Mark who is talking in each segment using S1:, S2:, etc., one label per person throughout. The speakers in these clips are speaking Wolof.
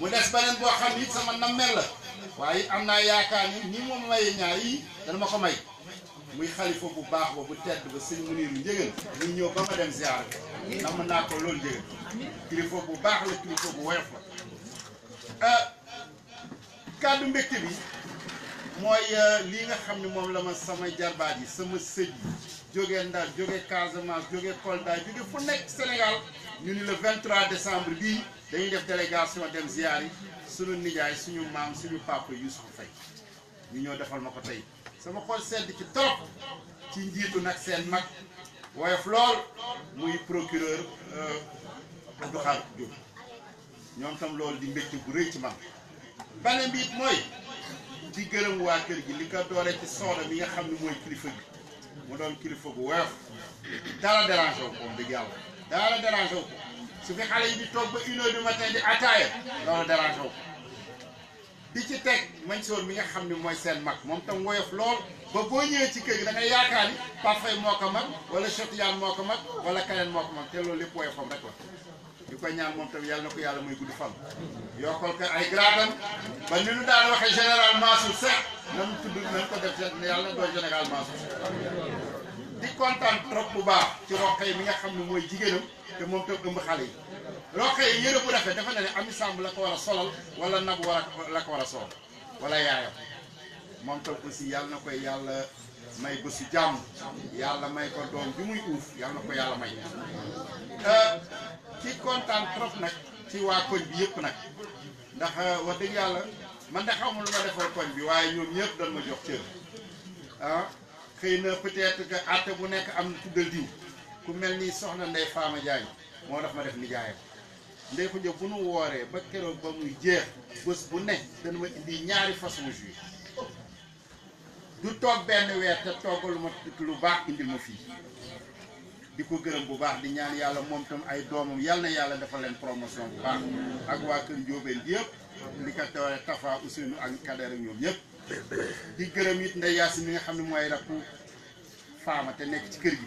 S1: mu des beneen boo xam ni sama nammeel la waaye am naa yaakaar ni ni moom maye ñaar yi dana ma ko may muy xalifa bu baax ba bu tedd ba sëñ Muniiru Njëgël muy ñëw ba ma dem ziar nam naa ko loolu Njëgël kilifa bu baax la kilifa bu woyof la euh, kàddu mbégte bi mooy euh, lii nga xam ne moom la ma sama jarbaat yi sama sëj yi jóge Ndar jóge Casamance jóge Kolda jóge fu nekk Sénégal ñu ni le 23 décembre bii dañuy def délégation dem ziar yi suñu nijaay suñu maam suñu papa Youssouf Faye ñu ñoo defal ma ko tey sama xol sedd ci trop ci njiitu nag seen mag woyof lool muy procureur euh, Abdou Khadre Diop ñoom tam loolu di mbégte bu rëy ci man beneen bi it mooy di gërëm waa kër gi li ko doolee ci soxna mi nga xam ne mooy kilifa bi mu doon kilifa bu woyof dara dérangé wu ko dëgg yàlla dara dérangé ko su fi xalé yi di toog ba 1h du matin di ataaya lolu dara taw di ci teg Mansour mi nga xamni moy sen mak mom tam woyof lool ba bo ñëwee ci kër gi da nga yaakaani ni Pape Faye moo wala Cheikh moko mak wala keneen moko mak mag te loolu lépp woyofam rek la diko ñaan mom tam yalla nako yalla moy muy gudd fan ka ay gradam ba ñu daal waxe général masou sax nan tuddu nan ko def yàlla doo général Mansour di kontan trop bu baax ci roxay mi nga xamni moy jigeenam te moom tam ëmb xale yi loo xëyee yére bu rafet dafa ne ne am sàmb la ko war a solal wala nabu war a la ko war a solal wala yaayam moom tam aussi yàlla na koy yàlla may bésu jàmm yàlla may ko doom bi muy uuf yàlla ko yàlla may ci euh, kontaan trop ci waa koñ bi yëpp nag ndax euh, wax dëgg yàlla man de xaw ma lu ma defal koñ bi waaye ñoom ñëpp dañ ma jox cër ah xëy na peut-être que bu nekk am na tuddal diw ku melni soxna ndey fama jaay mo daf ma def nijaayam ndey xuja bu nu woré ba kéro ba muy jeex bëss bu né dañ ma indi ñaari façon jus du tok ben wér te toggalu ma lu baax indi ma fi di gëreum bu baax di ñaan yalla mom tam ay doomam yalla na yàlla dafa len promotion bu baax ak wa kër jobel yépp li ko Tafa usunu ak Kader ñoom yépp di gëreum it ndey Yaasin mi nga xamni moy mooy rakku te nek ci kër gi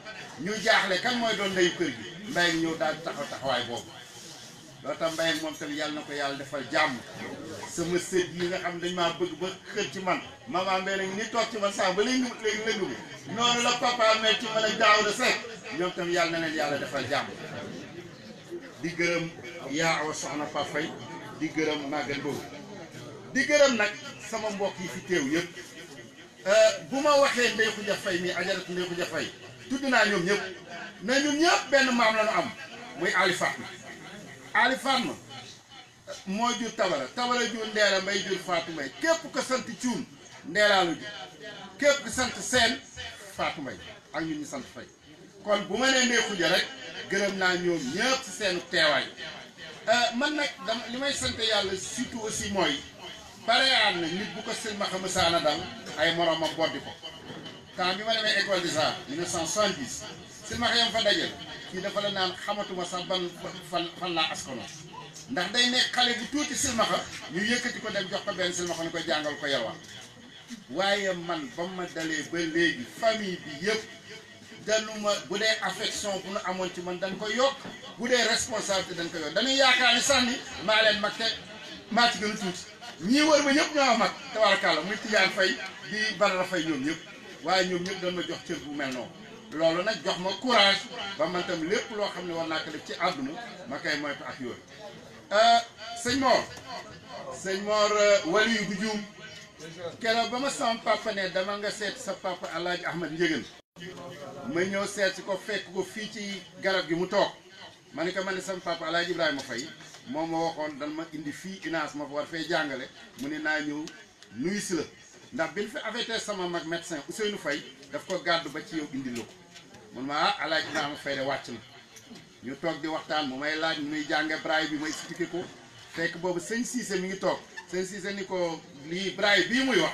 S1: ñu jaaxle kan mooy doon ndeyu kër gi mbay ñëw daal taxaw taxawaay boobu loolu tax mbay moom tamit yàlla na ko yàlla defal jàmm sama sët yi nga xam dañ maa bëgg ba xër ci man maman mbay nag ni toog ci man sax ba léegi léegi bi noonu la papa mel ci man a daaw da seet ñoom tamit yàlla na leen yàlla defal jàmm di gërëm yaa awa soxna Fafay di gërëm Maguette boobu di gërëm nag sama mbokk yi fi teew yëpp euh, bu ma waxee Ndeye Khoudia Faye mi ajaratu Ndeye tudd naa ñoom ñëpp mais ñoom ñëpp benn maam la am muy Ali Fatma Ali Fatma eh, moo jur tabara tabara jur ndeela mbay jur Fatou Mbay képp ko sant cuun ndeelaalu ji képp sant seen Fatou Mbay ak ñun ñu sant fay kon bu ma nee Ndeye Khoudia rek gërëm naa ñoom ñëpp ci seen teewaay eh, man nag dama li may sant yàlla surtout aussi mooy bareyaan na nit bu ko silmaxa mësaana dal ay moroomam boddi ko temps bi ma demee école de ça 1970 si ma xëyam fa dajal kii dafa la naan xamatuma sax ban fan fan laa askono ndax day nekk xale bu tuuti silmaxa ñu yëkkati ko dem jox ko benn silmaxa ni ko jàngal ko yarwaan waaye man ba ma dalee ba léegi famille bi yëpp danuma bu dee affection bu nu amoon ci man dañ koy yokk bu dee responsabilité dañ koy yokk dañuy yaakaar ni sax ni maa leen mag te maa ci gën a tuuti ñii wër ma ñëpp ñoo mag tabaarkalla muy Fay di Badara waaye ñoom ñëpp dañ ma jox cër bu mel noonu loolu nag jox ma courage ba man tam lépp loo xam ne war naa ko def ci àdduna ma koy moytu ak yooyu euh, sëñ Mor sëñ Mor euh, wali yu juum keroog ba ma sama papa dama nga seet sa papa El Hadj Ahmed Ndiéguène ma ñëw seet si ko fekk ko fii ci garab gi mu toog ma ne ko man ne sama papa El Hadj Ibrahima Faye moom ma waxoon dan ma indi fii inaas ma fa war fee jàngale mu ne naa ñëw nuyu si la ndax bi ñu fi affecté sama mag médecin Ousseynou Faye daf ko gàddu ba ci yow indi la ko mun ma ah alaaj naa ma fay de wàcc na ñu toog di waxtaan mu may laaj muy jànge braille bi may expliqué ko fekk boobu sëñ Cissé mi ngi toog sëñ Cissé ni ko lii braille bii muy wax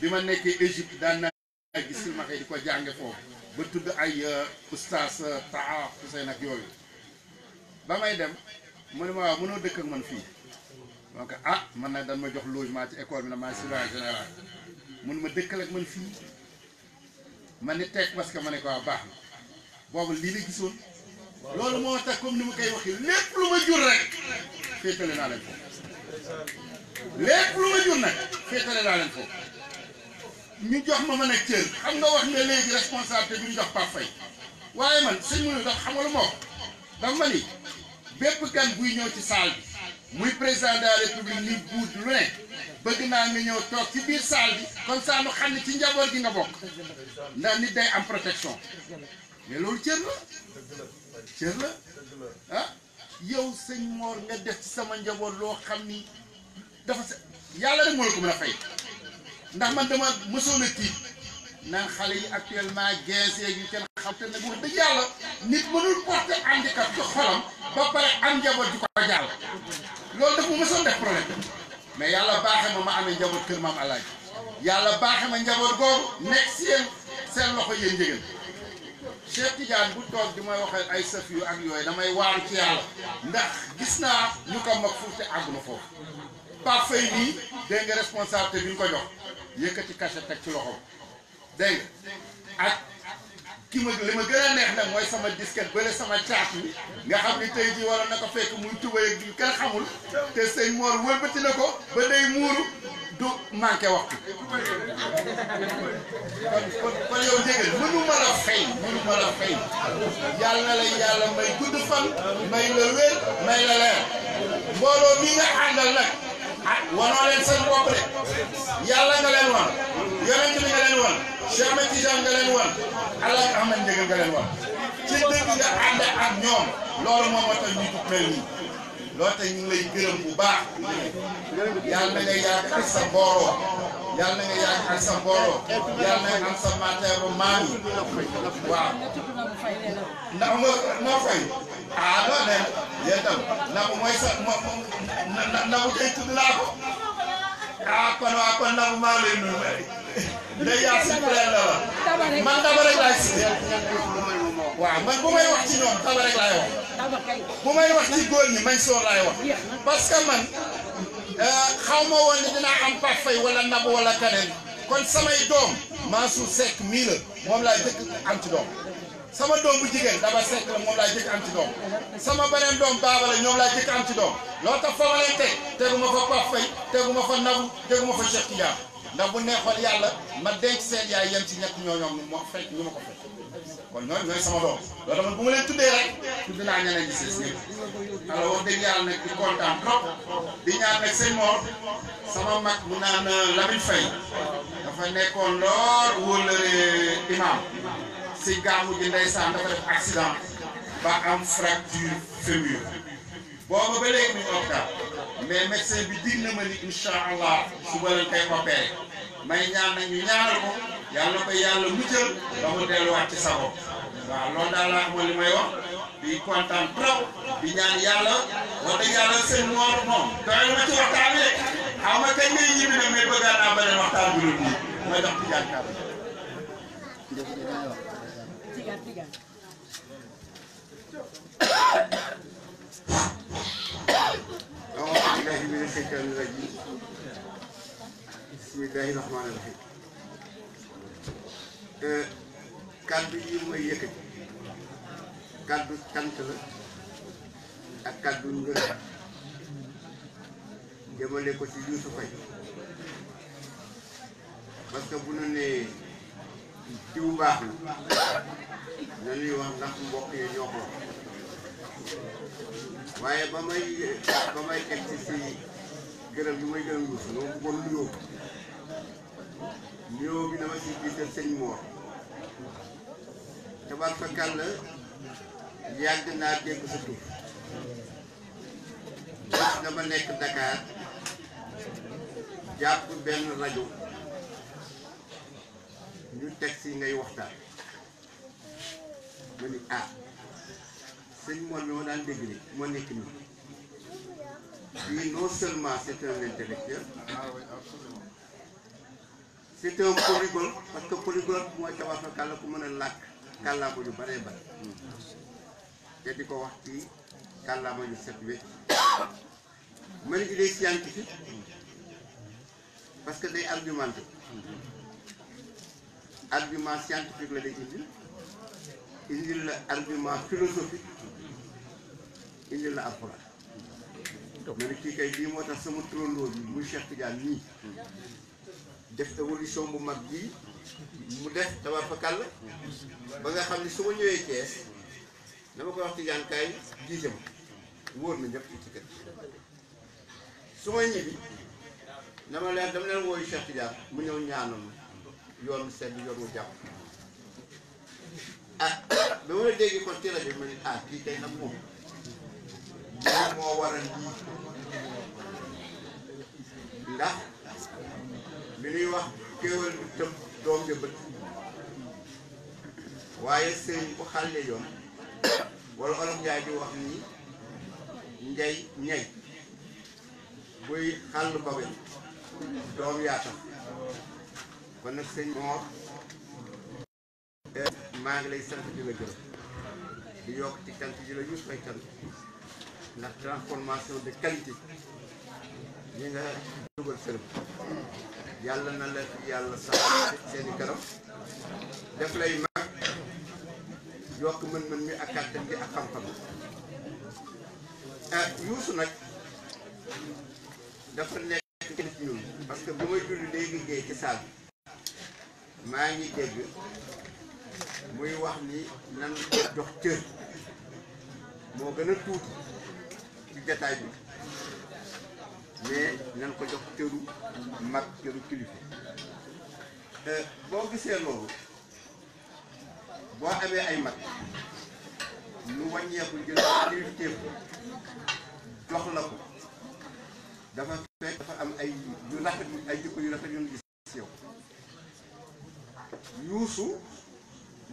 S1: bi ma nekkee Égypte daan naa gis di ko jànge foofu ba tudd ay paa euh, euh, Taha Ousseyn ak yooyu ba may dem mu ne ma waaw mënoo dëkk ak man fii donc ah man nag dañ ma jox logement ci école bi na mënuma ma dëkkal ak man fii ma ne teg parce que ma ne ko waa baax na boobu lii la gisoon loolu moo tax comme ni ma koy waxee lépp lu ma jur rek féetale naa leen
S2: foofu
S1: lépp lu ma jur nag féetale naa leen foofu ñu jox ma mën a cër xam nga wax nga léegi responsabilité bi ñu jox Pape waaye man sëñ mu ne dox xam nga lu ma wax dafa ma ni bépp gan buy ñëw ci salle bi muy président de la république buut lu ne bëgg naa nga ñëw toog ci biir saal bi comme saa nu xam ne ci njaboot bi nga bokk ndax nit day am protection mais loolu cër la cër la ah yow sëñ Mor nga def ci sama njaboot loo xam ni dafa sa yàlla rek moo la ko mën a fay ndax man dama mësoon a tiit naan xale yi actuellement gens yi yu kenn xam te nag wax dëgg yàlla nit mënul porter handicap ci xolam ba pare am njaboot di ko jàll loolu dafa mësoon def problème. mais yàlla baaxe ma ma amee njaboot kër maam alaaji yàlla baaxe ma njaboot googu nekk seen seen loxo yéen njëgal Cheikh Tidiane bu toog di may waxee ay sëf yu ak yooyu damay waaru ci yàlla ndax gis naa ñu ko mag fuuf te àgg na foofu Pape Faye nii dégg nga responsabilité bi ñu ko jox yëkkati cachet teg ci loxo dégg
S2: nga
S1: ak ki ma li ma gën a neex nag mooy sama disket bële sama caaf bi nga xam ni tey jii waroon na ko fekk muy tubay ak kenn xamul te sëñ Mor wëlbati na ko ba day muuru du manqué waxtu. kon kon yow dégg nga mënu ma la fay mënu ma la fay yàlla na la yàlla may gudd fan may la wér may la leer mbooloo mi nga àndal nag ah wanoo leen seen bopp
S2: de yàlla
S1: nga leen wan nga leen wan alaaj Ahmed Ndiéguène nga leen wan ci dëgg nga ñoom loolu moom moo tax ñu tudd nii loolu tey ñu ngi lay gërëm bu baax yàlla na nga yàgg ak sa mbooloo yàlla na nga yàgg ak sa mbooloo yàlla na nga na ma noo fay ah non mais yéen tam na ko mooy na na tey tudd laa ah kon waa kon nag maa ngi lay nuyu ma de yaa man daba rek laay si man bu may wax ci ñoom daba rek laay wax bu may wax ci góor ñi mañ soor laay wax man euh, xaw ma woon ne dinaa am Pape Faye wala Nabou wala keneen kon samay doom Mansour Seck mii moom laay dëkk am doom. sama doom bu jigéen daba sekk la moom laa jëkk am ci doom sama beneen doom baaba la ñoom laa jëkk am ci doom loo tax fa ma leen teg tegu ma fa Pape Faye tegu ma fa Nabou tegu ma fa Cheikh Tidiane ndax bu neexoon yàlla ma denc seen yaay yem ci ñett ñooñoom mo fekk ñu ma ko fekk kon ñooñu ñooy sama doom loolu tamit bu ma leen tuddee rek tudd naa ñeneen ñi sees ñëpp alors wax dëgg yàlla di kontaan trop di ñaan nag sëñ Mor sama mag bu naan euh, Lamine Faye dafa nekkoon lool wóolare ci gàmmu ji ndeysaan dafa def accident ba am fracture fémur booba ba léegi muy hôpital mais médecin bi dig na ma allah suba lañ koy opéré may ñaan nag ñu ko yàlla ko yàlla muccal ba mu delluwaat ci sa bopp
S2: waaw daal laa amoon
S1: li may wax di kontaan trop di ñaan yàlla wax yàlla seen moor moom doy ma ci
S3: waxtaan bi rek ma kañ ngay ñibbi nag mais bëggaan
S1: naa beneen waxtaan bi la ma jox ci jànkat
S3: tiga.
S2: أعوذ بالله من الشيطان
S1: الرجيم بسم kàddu yi mooy yëkkati kàddu cant la ak kàddu ngërëm jëmale ko ci Youssou Faye parce que bu ñu nee jiw mbaax na na ñuy wax ndax mbokk ñoo ko waaye ba may ba may teg si gërëm bi may gërëm yuuf ñoo bëggoon nuyoo nuyoo bi dama si gisal sëñ Mor tabaar fa kàll yàgg naa dégg sa tur wax dama nekk Dakar jàpp benn rajo ñu teg si ngay waxtaan ma ni ah ma daan dégg ni moo nekk nii bii non seulement c'est intellectuel c'est un parce que polyglotte mooy tabax na kàlla ku mën a làkk kàllaama yu baree bare te di ko wax ci kàllaama yu set wecc ma ni il est scientifique parce que day argumenté argument scientifique la day indi indil la argument philosophique indil la alxuraan ma ne kii kay lii moo tax sama turandoo bi muy Cheikh Tidiane nii def évolution bu mag bii mu def tabax fa kàll ba nga xam ne su ma ñëwee Thiès dama ko wax Tidiane kaay jiite ma wóor na ñëpp ci kër su ma ñibbi dama leen dama leen wooyu Cheikh Tidiane mu ñëw ñaanal ma yoon sedd yoon mu jàpp ah ba ma la déggee kon ci rajo bi ma ne ah kii tey nag moom moo waral lii ndax li ñuy wax kéwal tëb doom ja waaye sëñ bu xàlle yoon wala olof njaay di wax nii njay ñay buy xàll ba doom yaa tax kon nag sëñ moor maa ngi lay sant di la gërëm di yokk ci cant di la ñu fay cant ndax transformation de qualité yi nga dugal sërëm yàlla na la yàlla sax seeni kanam def lay mag yokk mën-mën mi ak kàttan gi ak xam-xam ah eh, yuusu nag dafa nekk kenn ci ñun parce que bu may julli léegi géey ci saal maa ngi dégg muy wax ni nan ko jox cër moo gën a tuuti ci jataay bi mais nan ko jox cëru mag cëru kilifa boo gisee loolu boo amee ay mag lu wàññeeku jël kilifteef jox la ko dafa fekk dafa am ay yu rafet ay yu rafet yu gis yow yuusu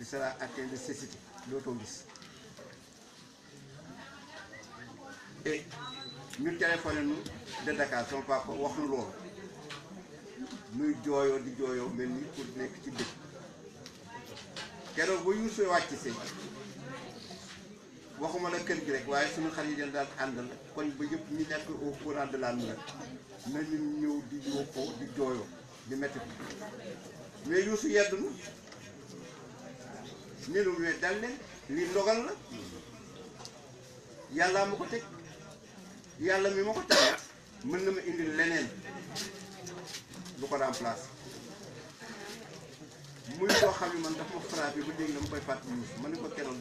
S1: tu seras atteint de cécité dootoo gis et ñu téléphoné nu de Dakar sama papa wax loolu muy jooyoo di jooyoo mel ni pour nekk ci dëkk keroog bu yuusee wàcc si waxuma la kër gi rek waaye suñu xarit yi daal àndal kon ba yëpp ñu nekk au courant de la nouvelle nañu ñëw di yóbboo di jooyoo di métti mais yuusu yedd na ne lu ne dal leen lii ndogal la yàlla ma ko teg yàlla mi ma ko teg mën na ma indil leneen lu ko remplace muy koo xam ne man daf ma frappé ba dégg na ma koy fàttali ma ne ko keroog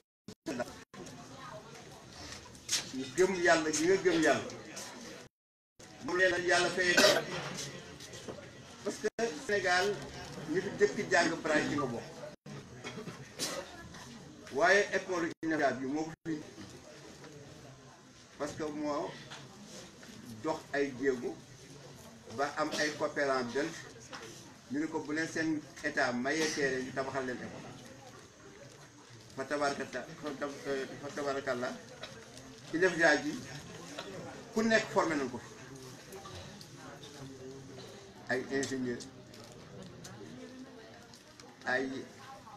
S1: gëm yàlla gi nga gëm yàlla moom leen yàlla fayee parce que Sénégal ñi fi jëkk jàng braille ci nga bokk waaye école universitaire bi moo ko fi parce que moo dox ay jéego ba am ay coopérant dent ñu ne ko bu leen seen état mayee teere ñu tabaxal leen école fa tabarakalla fa tabarakalla universitaire bi ku nekk forme nañ ko fi ay ingénieur ay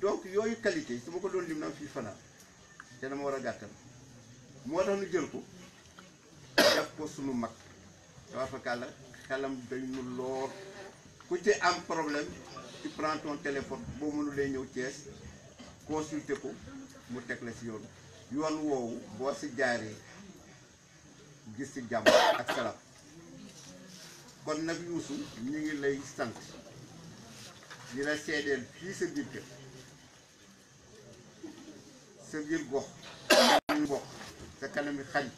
S1: donc yooyu qualité su ma ko doon lim na fii fanaan te dama war a gàttal moo tax nu jël ko def ko suñu mag tawar fa kàlla xelam day nu lool ku ci am problème ci prends téléphone boo mënulee ñëw Thiès consulté ko mu teg la si yoon yoon woowu boo si jaaree gis ci jàmm ak salaam kon nag Youssou ñu ngi lay sant di la seedeel fii sa biir kër sa biir gox ñu bokk sa kanami xarit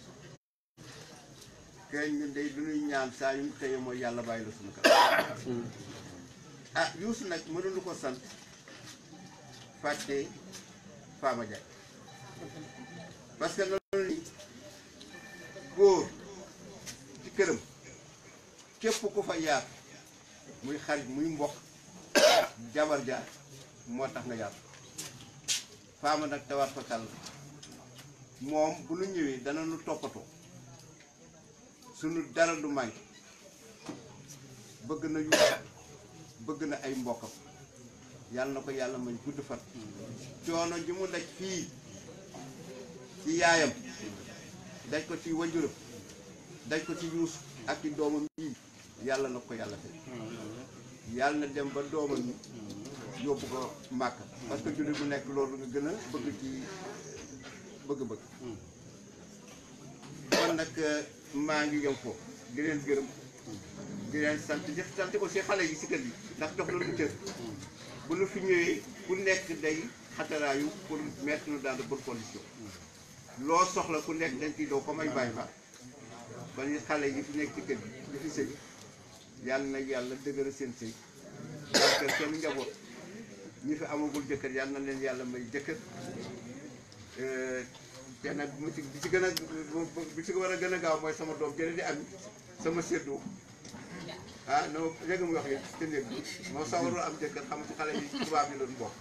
S1: kay ñun day du ñuy ñaan saa yu tey mooy yàlla bàyyi la suñu kanam ah Youssou nag mënuñu ko sant fàtte Fama Dia parce que loolu góor ci këram képp ku fa yaatu muy xarit muy mbokk jabar jaar moo tax nga yaatu faama nag tawaat ko kàll moom bu nu ñëwee dana nu toppatoo sunu dara du may bëgg na yu bëgg na ay mbokkam yàlla na ko yàlla mañ gudd fan coono ji mu daj fii ci yaayam daj ko ci wajuram daj ko ci yuus ak ci doomam yii yàlla na ko yàlla fekk yàlla dem ba doomam yi yóbbu ko màkk parce que jullit bu nekk loolu nga gën a bëgg ci bëgg-bëgg kon nag euh, maa ngi yëm foofu di leen gërëm di leen sant di sant aussi xale yi si kër yi ndax jox la lu cër bu nu fi ñëwee ku nekk day xataraayu pour mettre nous dans de bonnes conditions loo soxla ku nekk dañ ciy doo comme ay bàyyi ba ba ñu xale yi fi nekk ci kër yi fi sëy yàlla na yàlla dëgëral seen sëy parce seen njaboot ñi fi amagul jëkkër yàlla na leen yàlla may jëkkër eh, te nag mu ci bi ci gën a bi ci war a gën a gaaw mooy sama doom jële di am sama séddoo ah non léegi mu wax yëpp te néeg moom sawarul am jëkkër xam ci xale yi tubaab yi doon bokk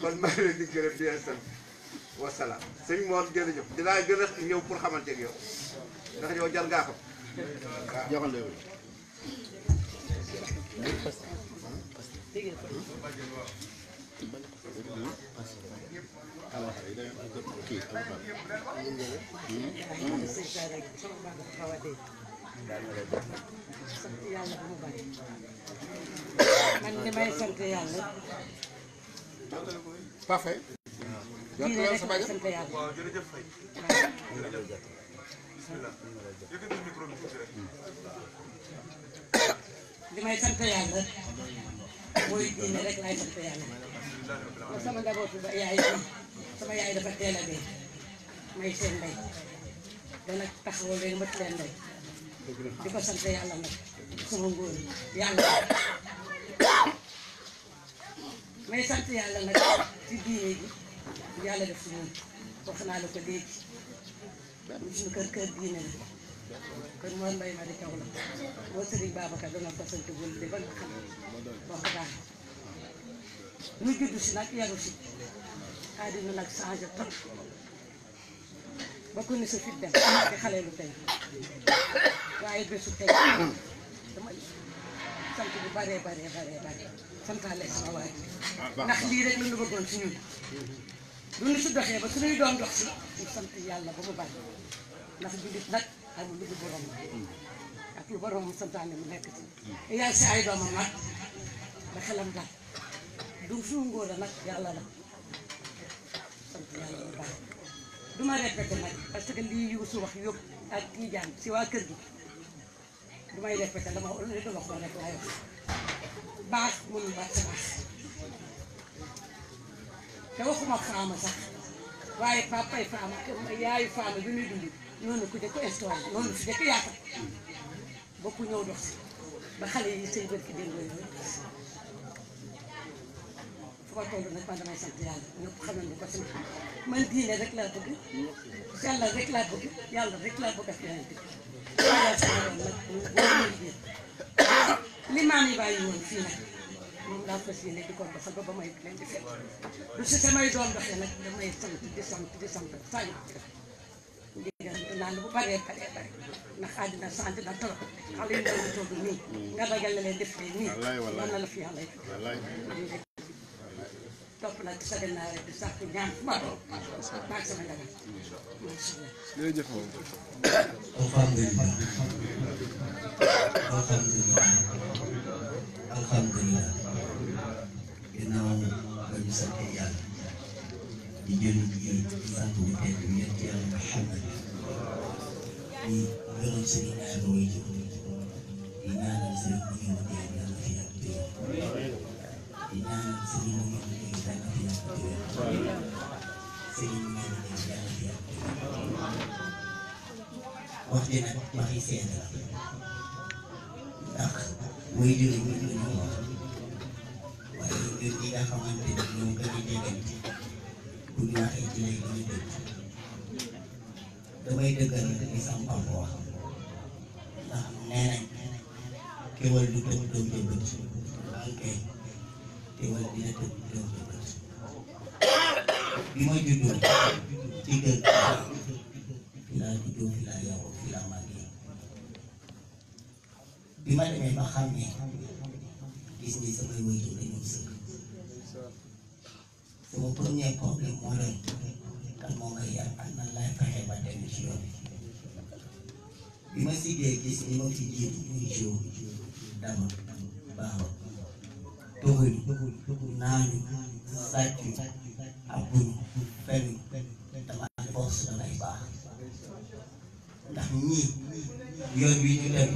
S1: kon maa ngi leen di gërëm di leen sant wasalaam sëñ Mor jërëjëf dinaa gën a yow pour xamante ak yow ndax yow jar ngaa ko sant
S2: yàlla bu
S3: mu bari man li
S2: mooy diine rek laay sant yàlla
S3: sama ba yaay sama yaay dafa teel a dee may seen ndey dana taxawal léegi ma leen ndey
S2: di ko sant yàlla
S3: nag sama ngóor yàlla may sant yàlla nag ci diine ji yàlla def si moom wax naa la ko léegi suñu kër kër diine la kon moo mbay ma di kaw la boo sëriñ Babacar dana ko sant góor di ba nga xam ba ko daan ñu juddu si nag yaru si àddina nag changé trop ba ko ni sa fit dem di xale lu tey waaye bésu tey dama sant bu baree baree baree baree santaale sama waay ndax lii rek lu nu bëggoon si ñun lu nu si doxee ba suñuy doom dox si ñu sant yàlla ba mu bari ndax jullit nag قالوا نيجي بره مصر اكلوا بره مصر بتاع منها إيه
S2: كتير
S3: يا سعيده ماما بخلم ده دو شو نقول انا يلا لا دما ركبت انا اشتغل لي يوسف وخيوك اكيد يعني سوا كذب دما ركبت انا ما اقول لك ما اقول لك بعث من بعث توخم خامسة واي بابا يفهم يا يفهم بني دولي ñoo ne ku njëkk ko ñoo ne ku njëkk yaatal bokku ñëw dox si ba xale yi seen bërki déngoo yi ñëpp dox si fu ma toll nag man damay sant yàlla ñëpp xam nañ ko si xam man diine rek laa bëgg yàlla rek laa bëgg yàlla rek laa bëgg ak yeneen dëkk li maam yi bàyyi woon fii nag moom laa fas yéene di ko doxal ba ba may leen di fekk du si samay sant di sant di sant saa yu naan bu baree baree bare ndax àddina sant na trop xale yu ndaw di toog nii nga ragal la leen def nii mën na la fi yàlla topp nag sa gannaaw rek di sàkku ñaan ma baag sama njaboot macha allah.
S2: jërëjëf moom. alhamdulilah alhamdulilah alhamdulilah ginnaaw ba ñu sant yàlla di jëli di sant bu tedd bi yàlla Muhammad di
S4: gërëm Serigne suñu way ji di ñaanal Serigne bu ngeen dee yàlla fi yàgg di
S2: di ñaanal Serigne bu ngeen dee yàlla fi yàgg di Serigne bu ngeen
S4: dee yàlla fi yàgg di wax ji nag waxi seet la ndax way ji la ñun ñu wax waaye ñun ñi nga xamante ne ñoo gën a jegante bu ñu waxee ci lay gën a dëgg damay dëggal nah, di sama papa wax ndax nee nañ du tëb doom ja bët ankay kéwal dina tëb doom ja bët bi ma juddoo ci kër fi laa juddoo fi laa yow fi laa bi ma ba gis ni sama premier problème kan moo may yar ak nan laay fexe ba dem ci yoon bi ma si dee gis ni ma fi jiitu muy jow dama baawa
S1: toxuñu naañu sàccu abbuñu fenn dama
S2: ne force damay baax ndax ñii yoon wi ñu dem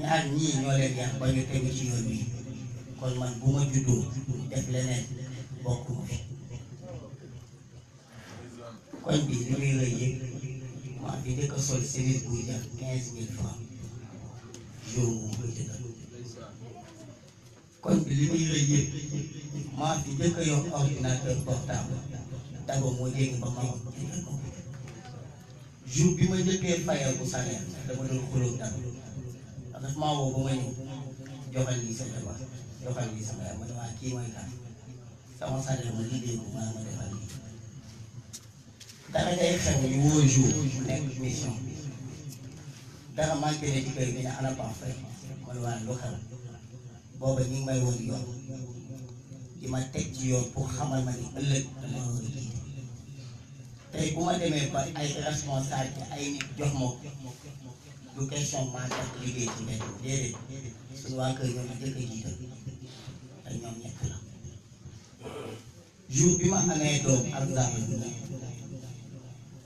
S2: ñaar ñii ñoo
S4: leen yàq ba ñu tegu ci yoon wi kon man bu ma juddoo def leneen bokk ma fi koñ bi li muy rëy yëpp waa di njëkk a sol service buy jar quinze mille francs yow moom koy jëndal koñ bi li muy rëy yëpp maa fi njëkk a yor ordinateur portable daba moo dégg ba ma yor jour bi ma njëkkee fayal bu salaire dama doon xulóom daba daf maa woo ba ma ñëw joxal lii sa jabar joxal lii sama yaay ma ne waa ah, kii mooy kan sama salaire ma liggéey ko maa ma defal lii dafay day xew ñu wóoy jour nekk mission dara manqué ne ci kër gi ñu ana Pape Faye man waa lu xew booba ñu ngi may woon yoon di ma teg ci yoon pour xamal ma ni ëllëg dama war a jiite tey bu ma demee ba ay responsabilité ay nit jox ma ko du question maa tax liggéey ci mbedd déedéet suñu waa kër ñoom njëkk a jiital te ñoom ñett la jour bi ma amee doom ak zaama bi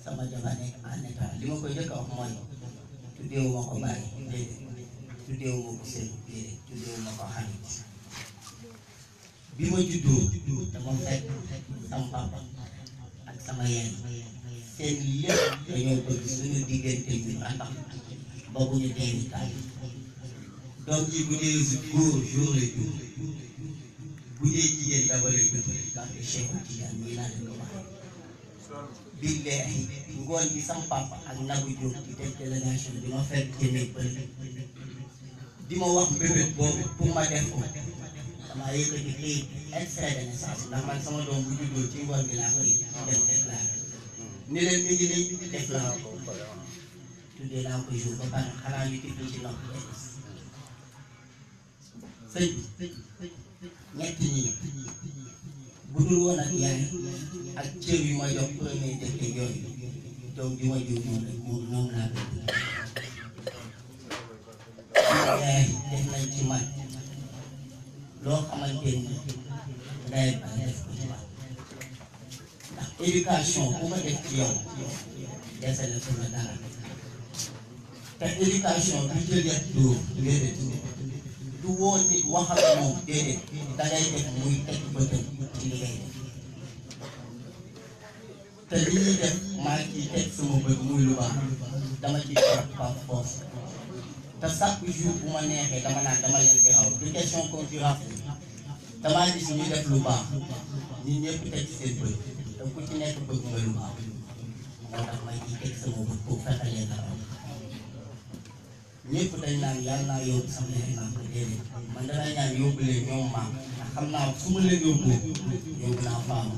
S4: sama jabar nekk en état li ma koy njëkk a wax mooy tuddeewu ma ko bàyyi déedéet tuddeewu ma ko sëñ déedéet tuddeewu ma ko xarit bi ma juddoo dama fekk sama papa ak sama yaay seen lépp dañoo bëgg suñu diggante ñu ratax ba bu ñu dee taal doom ji bu dee góor jour la jour bu dee jigéen dabale jour parce que Cheikh Tidiane mii laa billaahi ngoon bi sama papa ak nagu jóg di def délégation bi ma fekk ci néeg ba di ma wax mbébét boobu pour ma def ko damaa yëkkati kayit extrait de naissance ndax man sama doom bu juddoo ci ngoon bi laa koy dem déclaré ni leen mi ngi nii déclaré ko tuddee naa ko jour ba pare xanaa ñu tibb ci ndox bi sëñ bi ñett ñi Guru anak yai acce bi ma jox ko ne def ci joy doom bi ma jox mo rek mo non la def def nañ ci man loo xamante ni day ba def ko ci man ndax éducation ku ma def ci yow desale ko la dara te éducation du jël def dóor ngeen def du woo nit waxal moom déedéet da def muy teg bëtam te li ñuy def maa ngi teg sama bët muy lu baax dama ciy farat par te chaque jour bu ma neexee dama naan dama leen di raw du concurrence bi damaa gis ñu def lu baax ñun ñëpp teg ci seen bët te ci nekk bëgg nga lu baax moo tax ma ciy teg sama bët pour fexe leen a ñëpp dañ naan yàlla naa yow sax leen liggéey man damay ñaan yóbbu leen ñoom maam xam naa fu ma leen yóbbu yóbbu naa faama